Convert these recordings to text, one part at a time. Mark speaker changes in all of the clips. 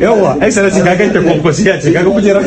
Speaker 1: yawa ai sanarci kakan ta kwakwasiya ce
Speaker 2: kaga kujerar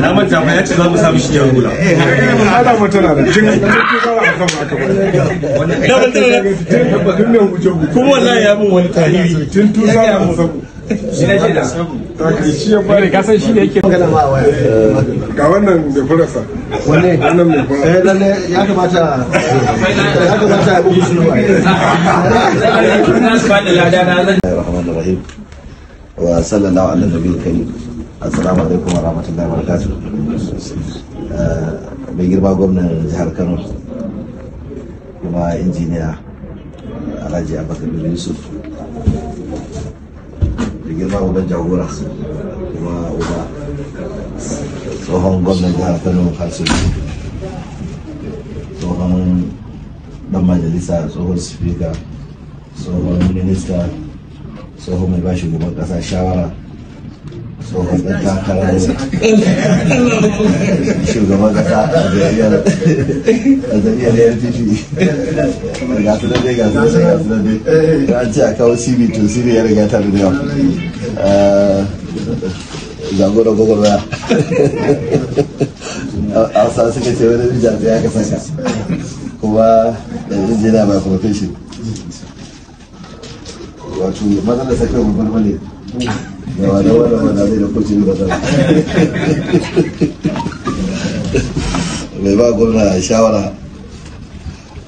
Speaker 2: na manta ba ya ce za mu samu shi ya rula ana mutuna da
Speaker 3: kuma wallahi ya bin wani tun tusa ka san shi ne ga wannan da furasa wane wannan mai furasa eh lalle ya kamata ya kamata ya bugu sunu Bismillahirrahmanirrahim
Speaker 1: wa sallallahu ala karim assalamu alaikum wa rahmatullahi wa barakatuh mai girma gwamnan jihar Kano kuma injiniya Alhaji Abubakar Yusuf girma uban jagora kuma uba tsohon gwamnan jihar kano kansu tsohon dan majalisa tsohon sifika tsohon minista tsohon mai bashi gaban kasa shawara tsohon dan takarar shugaban kasa a zariyar
Speaker 3: a zariyar da yartifi ga su dai ga su dai ga
Speaker 1: su dai ce a kawo cv to cv ya riga ta Eh, zango da gwagwarmaya a sa suka ce wani jazi ya kasance kuma da injina mai kuma feshi wato matsalar sa kai babbar male da wani wani wani zai da kocin da zama mai ba gwamna shawara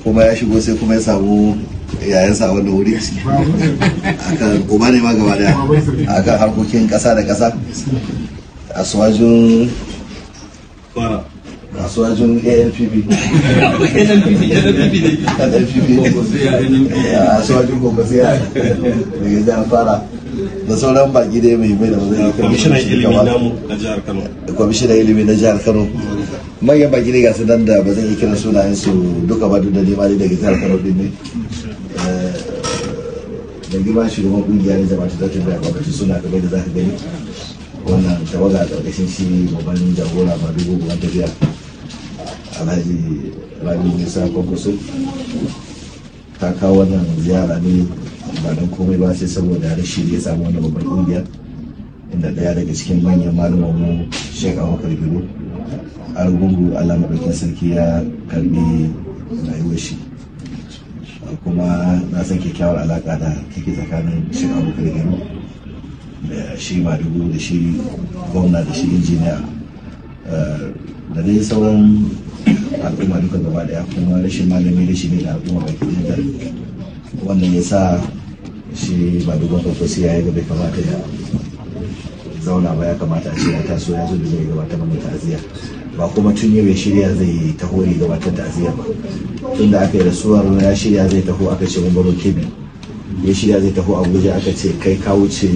Speaker 1: kuma ya shigo sai kuma ya samu yayansa wanda wuri akan uba ne ma gaba daya kan harkokin kasa da kasa asuwajin asuwajin anpp suwajin kokosiya da ya zan fara da sauran baki dai mai mai da mazan kwamishinan ilimi
Speaker 3: na jihar kano
Speaker 1: kwamishinan ilimi na jihar kano manyan baki ne ga su nan da ba zan yi kira sunayen su duka ba duk da nema daga jihar kano din ne da ba shugaban kungiya na jama'a ta a gwamnati suna kamar da za ka gani wannan tawaga a ƙarƙashin shi babban jagora ba dubu ban tafiya alhaji rabi musa kwakwaso ta kawo wannan ziyara ne ba don komai ba sai saboda rashi ya samu wani babban kungiya inda ɗaya daga cikin manyan malaman mu shek abubakar a rubungu allah maɗaukin sarki ya karbi rayuwar shi kuma na san kyakkyawar alaƙa da kake tsakanin shi da gano da shi madugu da shi gwamna da shi injiniya eh, da dai sauran al'umma duka gaba daya kuma rashin malami da shi ne da al'umma ke jantar wannan ya sa shi madugun farfasi ya yi gaba bai kamata ya zauna ba ya kamata a ce ya taso ya zo da zai gabata mana aziya. ba kuma tun yau ya shirya zai taho ne gabatar da aziya ba tun da aka yi rasuwar ya shirya zai taho aka ce mun baro kebi ya shirya zai taho abuja aka ce kai ka wuce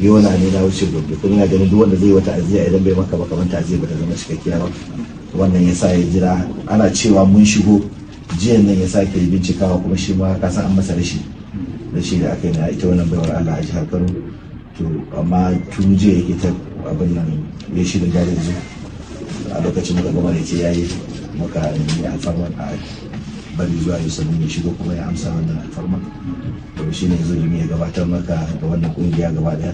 Speaker 1: yona ne na wuce gobe kuma yana ganin duk wanda zai wata aziya idan bai maka ba kamar aziya ba ta zama cikakkiya ba wannan ya sa ya jira ana cewa mun shigo jiyan nan ya sake bincikawa kuma shi ma ka san an masa rashi rashi da aka yi na ita wannan baiwar Allah a jihar Kano to amma tun jiya yake ta abin nan ya shirya gari yanzu a lokacin muka gama da ce yayi muka yi ne a bari zuwa yau sannan ya shigo kuma ya amsa wannan alfarman to shi ne zai ya gabatar maka da wannan kungiya gaba daya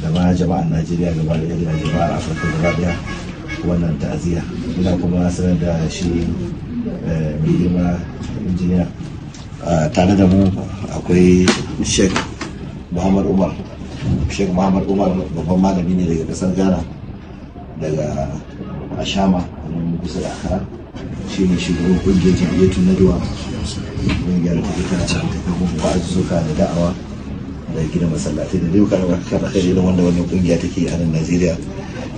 Speaker 1: da ma jama'ar najeriya gaba daya da jama'ar afirka gaba daya wannan ta'aziyya ina kuma sanar da shi eh, mai girma injiniya tare da mu akwai sheikh muhammad umar sheikh muhammad umar babban malami ne daga kasar ghana daga a shama a nan kusa da akara shi ne shugaban kungiyar jam'iyyar naduwa kungiyar da kuma da tafafin wa'azuzzuka da da'awa da gina masallatai da da wata kada kai wanda wannan kungiya take a nan Najeriya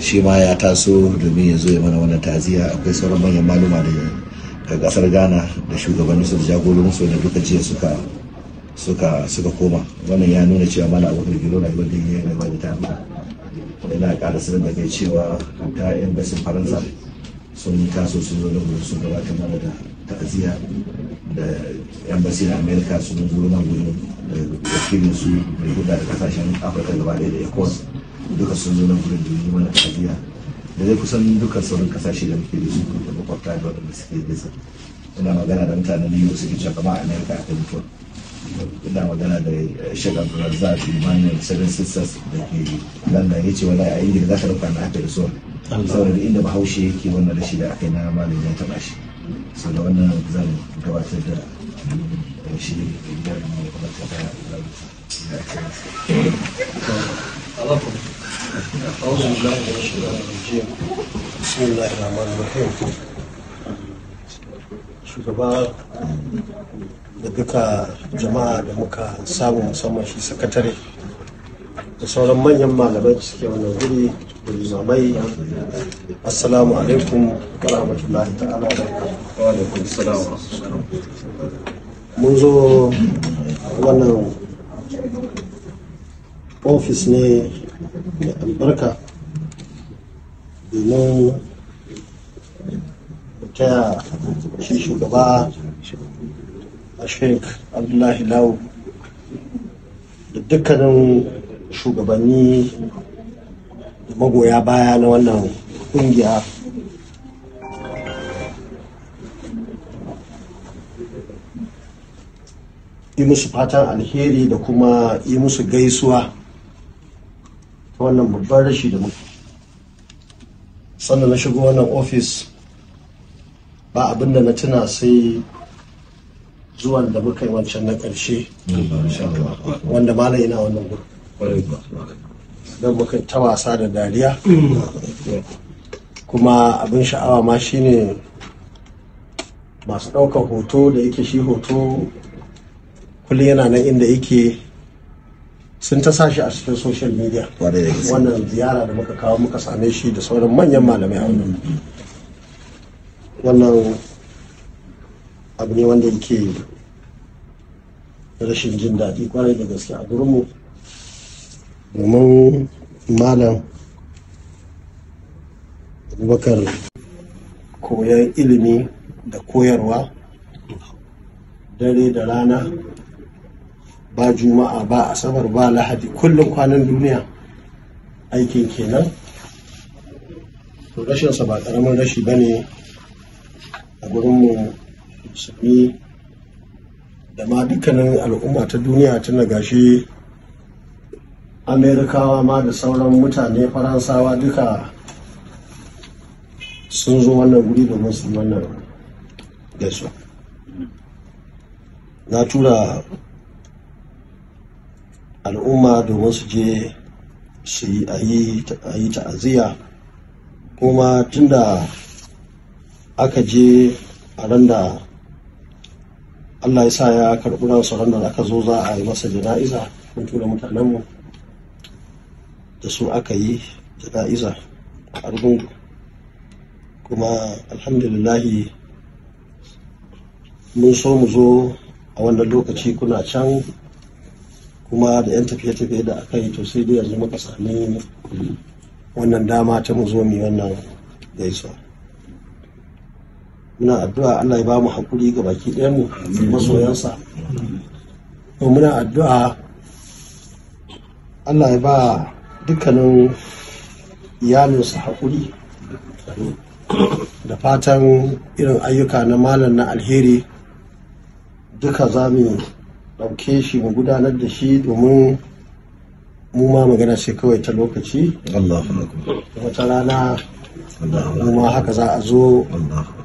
Speaker 1: shi ma ya taso domin ya zo ya mana wannan taziya akwai sauran manyan maluma da kasar Ghana da shugabannin su da jagororin da duka jiya suka suka koma wannan ya nuna cewa mana abubuwan da gero na ibadin yayin da ta yana karasar da kai cewa ta yan basin faransa sun taso sun zo da sun gabatar mana da ta'aziyya da yan basin amerika sun zo na gudun da wakilin su mai guda da kasashen afirka gaba ɗaya da ecos duka sun zo gudun da yi mana ta'aziyya da zai kusan duka sauran kasashe da muke da su da makwabta da waɗanda suke nesa ina magana da mutanen new york suke cewa kama amerika ta mutuwa ina magana da eh, shek abdulrazak emmanuel seven sisters da ke london ya ce wala a ingila za ka rufa na haka da saboda inda bahaushe yake wannan rashi da aka yi na malin ya taba shi sau da wannan zan gabatar da eh, shi
Speaker 3: shugaba da duka jama'a da muka samu musamman shi sakatare da sauran manyan malamai da suke wannan guri da limamai assalamu alaikum wa rahmatullahi ta'ala wa mun zo wannan ofis ne da albarka domin taya shi shugaba a shek abdullahi lau da dukkanin shugabanni da magoya baya na wannan kungiya yi musu fatan alheri da kuma yi musu gaisuwa ta wannan babban rashi da muke sannan na shigo wannan ofis ba abin da na tuna sai zuwan da muka yi wancan na ƙarshe wanda mana yana wannan gudun. don muka ta wasa da dariya kuma abin sha'awa ma shine masu ɗaukar hoto da yake shi hoto kullum yana nan inda yake sun ta sashi a cikin social media wannan ziyara da muka kawo muka same shi da sauran manyan malamai a wannan wannan abu ne wanda yake rashin jin daɗi kwarai da gaske a gurinmu domin malam abubakar koyon ilimi da koyarwa dare da rana ba juma'a ba asabar ba lahadi kullum kwanan duniya aikin kenan rashinsa ba ƙaramin rashi ba ne a gurinmu musulmi da ma dukkanin al'umma ta duniya tana gashi amerikawa ma da sauran mutane faransawa duka sun zo wannan guri domin su wannan gaisu. na tura al'umma domin su je su yi a yi ta'aziyya kuma tunda aka je a ran da allah ya sa ya karɓi ransa ran da aka zo za a yi masa jana'iza mun tura mutanenmu da su aka yi jana'iza a argungu kuma alhamdulillahi mun so mu zo a wannan lokaci kuna can kuma da 'yan tafiye-tafiye da aka yi to sai dai yanzu muka sami wannan dama ta mu zo mu wannan gaisuwa muna addu'a Allah ya ba mu hakuri ga baki ɗayan mu masoyansa to muna addu'a Allah ya ba dukkanin iyalinsa hakuri da fatan irin ayyuka na malam na alheri duka za mu ɗauke shi mu gudanar da shi domin mu ma magana shi kawai ta lokaci. Allah wata rana kuma haka za a zo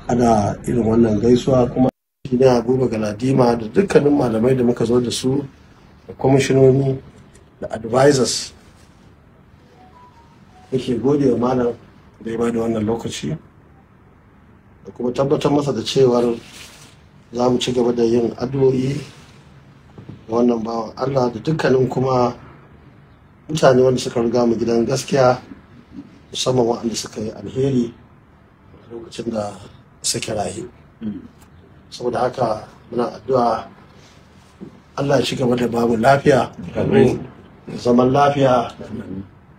Speaker 3: ana irin wannan gaisuwa kuma na abubuwa galadima da dukkanin malamai da muka zo da su da kwamishinoni da advisors ke gode wa malam da ya bada wannan lokaci da kuma tabbatar masa da cewar za mu ci gaba da yin addu'o'i da wannan bawan allah da dukkanin kuma mutane wanda suka riga mu gidan gaskiya musamman waɗanda suka yi alheri a lokacin da suke raye saboda haka muna addu'a Allah ya shiga da babu lafiya zaman lafiya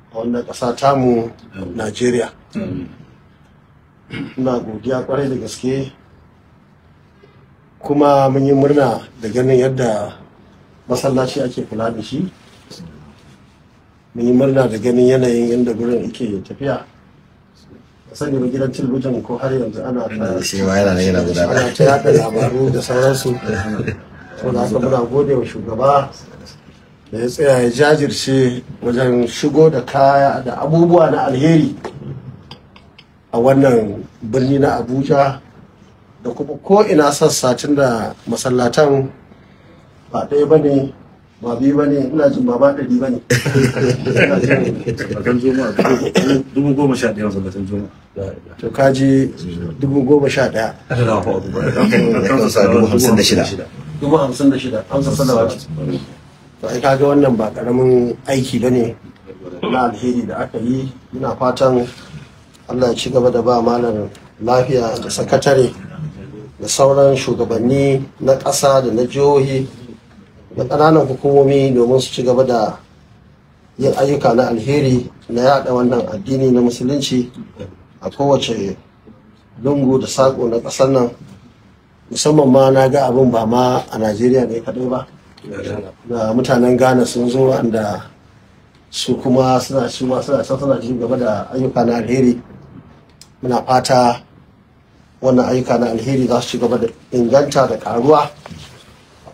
Speaker 3: a wannan ƙasa tamu Najeriya ina godiya kwarai da gaske kuma mun yi murna da ganin yadda masallaci ake kula da shi mun yi murna da ganin yanayin yadda gurin yake tafiya sani ba gidan talbijin ko har yanzu ana ta yada labaru da sauransu da haka muna gode wa shugaba da ya tsaya ya jajirce wajen shigo da kaya da abubuwa na alheri a wannan birni na abuja da kuma ko ina sassa tun da masallatan ba ɗaya ba ne ba biyu ba ne ina jin ba ɗari ba ne kan juma'a dubu goma sha ɗaya masallacin juma'a to kaji dubu goma sha ɗaya dubu hamsin da shida dubu hamsin da shida hamsa salawat to ai kaga wannan ba ƙaramin aiki ba ne na alheri da aka yi ina fatan Allah ya ci gaba da ba malam lafiya da sakatare da sauran shugabanni na ƙasa da na jihohi da ƙananan hukumomi domin su ci gaba da yin ayyuka na alheri na yaɗa wannan addini na musulunci a kowace lungu da saƙo na ƙasar nan musamman ma na ga abin ba ma a najeriya ne kaɗai ba da mutanen ghana sun zo wanda su kuma suna ci ma gaba da ayyuka na alheri muna fata wannan ayyuka na alheri za su ci gaba da inganta da karuwa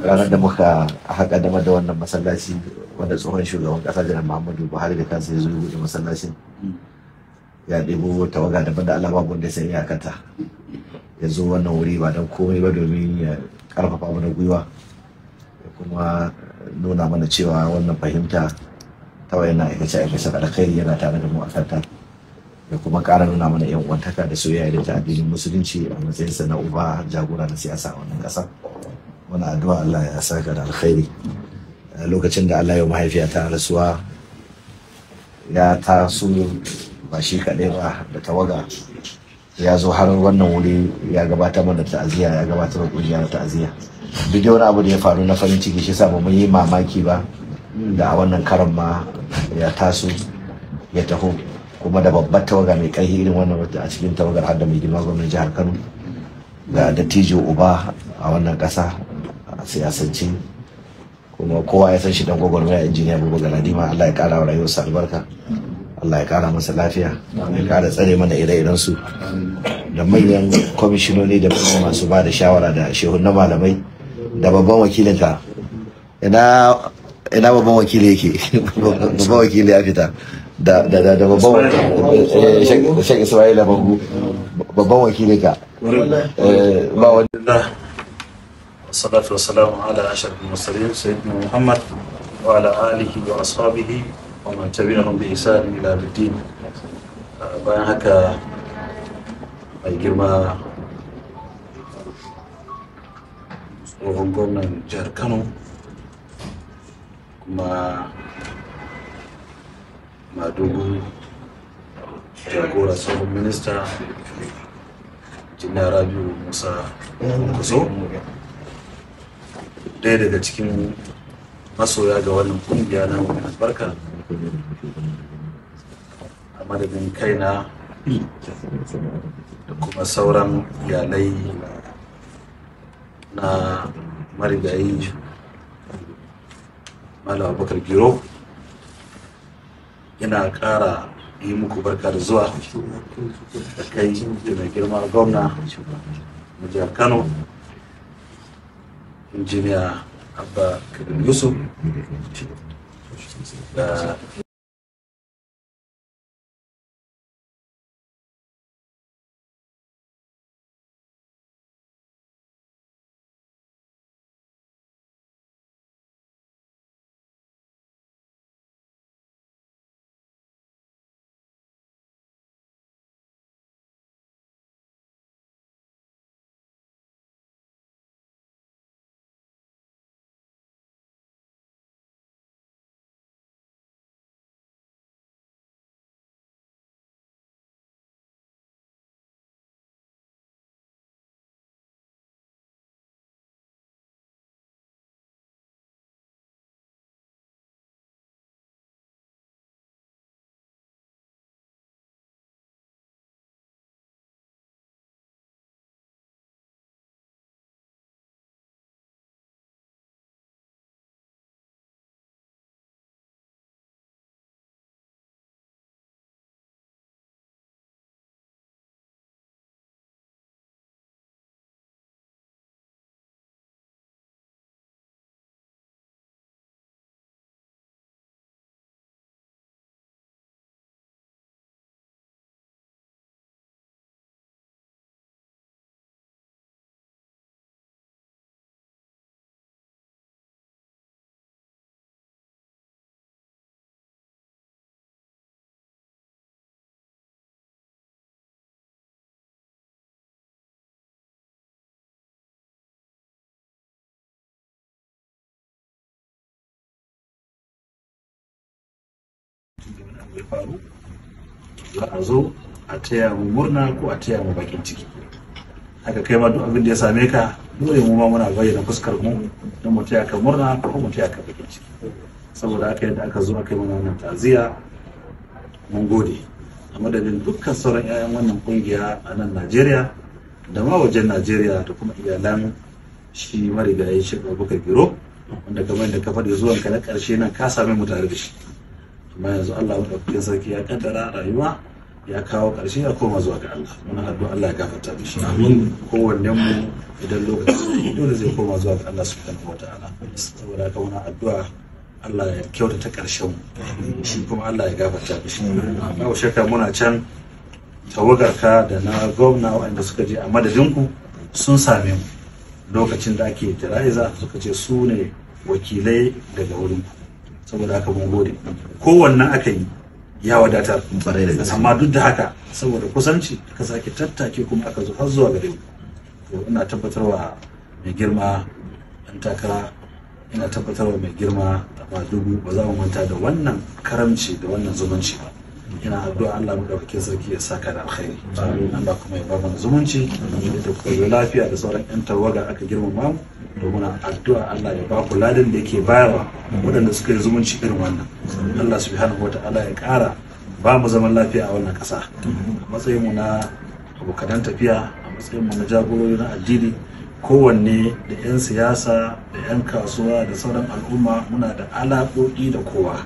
Speaker 1: ranar da muka haƙa dama da wannan masallaci wanda tsohon shugaban ƙasa jiran muhammadu buhari da kansa ya zo buɗe masallacin ya ɗebo tawaga daban da allah babu wanda ya a kanta. ya zo wannan wuri ba don komai ba domin ya ƙarfafa mana gwiwa ya kuma nuna mana cewa wannan fahimta ta wayannan aikace aikace alkhairi yana tare da mu a kanta ya kuma ƙara nuna mana yan uwantaka da soyayya da ta addinin musulunci a matsayinsa na uba jagora na siyasa a wannan ƙasa muna addu'a Allah ya saka da alkhairi lokacin da Allah ya mahaifiya ta rasuwa ya taso ba shi kaɗai ba da tawaga ya zo har wannan wuri ya gabatar mana ta'aziyya ya gabatar da kungiya na ta'aziyya duk wani abu da ya faru na farin ciki shi samu mun yi mamaki ba da a wannan karan ma ya taso ya taho kuma da babbar tawaga mai kai irin wannan wata a cikin tawagar har da mai girma gwamnan jihar Kano ga dattijo uba a wannan ƙasa a siyasancin kuma kowa ya san shi dan gwagwarmaya injiniya bubu galadima allah ya kara wa rayuwarsa albarka allah ya kara masa lafiya ya kara tsare mana ire-iren su da manyan kwamishinoni da masu ba da shawara da shehun na malamai da babban wakilin ina ina babban wakili yake babban wakili ya fita da da da babban eh, shek isra'ila babu babban wakili ka eh,
Speaker 2: ba wani والصلاة والسلام على أشرف المرسلين سيدنا محمد وعلى آله وأصحابه ومن تبعهم بإحسان إلى الدين بأن هكا أي جرما وغنقونا جهر كانوا كما ما دوغو جاكورا سوغو منستا جنا راجو موسى موسى ɗaya daga cikin masoya ga wannan kungiya na mai albarka a madadin kaina da kuma sauran iyalai na marigayi malam abubakar giro ina ƙara yi muku barka da zuwa da kai da mai girma gwamna na jihar kano engineer Abba Yusuf.
Speaker 1: Uh,
Speaker 2: abu ya faru za a zo a taya mu murna ko a taya mu bakin ciki haka kai ma duk abin da ya same ka dole mu ma muna bayyana fuskar mu don mu taya ka murna ko mu taya ka bakin ciki saboda haka yadda aka zo aka yi mana wannan ta'aziyya mun gode a madadin dukkan sauran 'ya'yan wannan kungiya a nan najeriya da ma wajen najeriya da kuma iyalan shi marigayi shi abubakar giro wanda kamar da ka faɗi zuwanka na ƙarshe nan ka same mu tare da shi amma yanzu Allah madaukakin sarki ya kaddara rayuwa ya kawo ƙarshe ya koma zuwa ga Allah muna addu'a Allah ya gafarta mishi amin Kowanne mu idan lokaci dole zai koma zuwa ga Allah subhanahu wataala saboda ka muna addu'a Allah ya kyautata ƙarshen mu shi kuma Allah ya gafarta mishi ba shakka muna can tawagar ka da na gwamna wanda suka je a madadin ku sun same mu lokacin da ake jira'iza suka ce su ne wakilai daga wurin ku saboda aka mun gode wannan aka yi ya wadatar amma duk da haka saboda kusanci aka sake tattake kuma aka zo har zuwa gare to ina tabbatarwa mai girma dan takara ina tabbatarwa mai girma ba dubu ba za mu manta da wannan karamci da wannan zumunci ba ina addu'a Allah dauke sarki ya saka da alkhairi Allah kuma ya ba mu zumunci da lafiya da sauran yan tawaga aka girma mu domin addu'a Allah ya ba ku ladan da yake bayarwa waɗanda suka yi zumunci irin wannan Allah subhanahu wata'ala ya ƙara ba mu zaman lafiya a wannan ƙasa matsayin mu na abokan tafiya a matsayin mu na jagorori na addini kowanne da 'yan siyasa da 'yan kasuwa da sauran al'umma muna da alaƙoƙi da kowa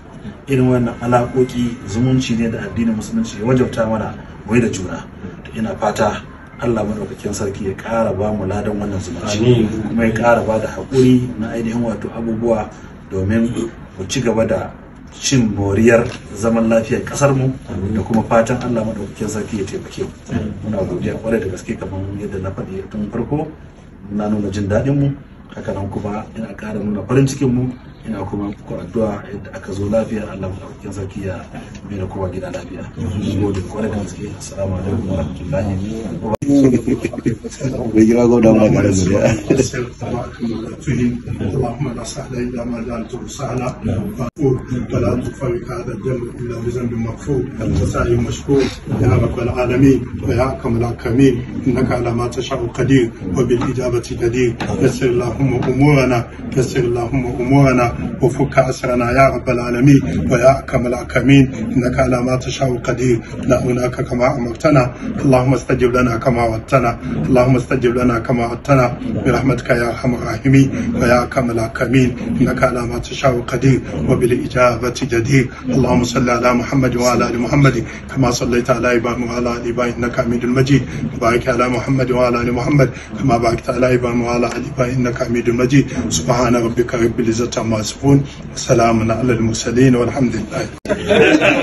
Speaker 2: irin wannan alaƙoƙi zumunci ne da addinin musulunci ya wajabta mana wai da juna ina fata Allah madaukakin sarki ya ƙara ba mu ladan wannan zumunci kuma ya ƙara ba da haƙuri na ainihin wato abubuwa domin mu ci gaba da cin moriyar zaman lafiyar ƙasar mu da kuma fatan Allah madaukakin sarki ya taimake mu muna godiya kwarai da gaske kamar yadda na faɗi tun farko na nuna jin daɗin mu nan kuma ina ƙara nuna farin cikin mu ina kuma addu'a yadda aka zo lafiyar Allah madaukakin sarki ya bai da kowa gida lafiya mun gode kwarai da gaske assalamu alaikum wa rahmatullahi
Speaker 1: bai gira gauda ma ga zuriya
Speaker 3: اللهم لا سهل الا ما جعلته سهلا فاقول فلا تفرق هذا الدم الا بذنب مغفور وسعي مشكور يا رب العالمين ويا اكرم الاكرمين انك على ما تشاء قدير وبالاجابه جدير يسر اللهم امورنا يسر اللهم امورنا وفك اسرنا يا رب العالمين ويا اكرم الاكرمين إنك على ما تشاء قدير لا هناك كما أمرتنا اللهم استجب لنا كما وعدتنا اللهم استجب لنا كما وعدتنا برحمتك يا أرحم الراحمين ويا أكرم الأكرمين إنك على ما تشاء قدير وبالإجابة جدير اللهم صل على محمد وعلى آل محمد كما صليت على إبراهيم وعلى آل إبراهيم إنك حميد مجيد وبارك على محمد وعلى آل محمد كما باركت على إبراهيم وعلى آل إبراهيم إنك حميد مجيد سبحان ربك رب العزة عما يصفون وسلام على المرسلين والحمد لله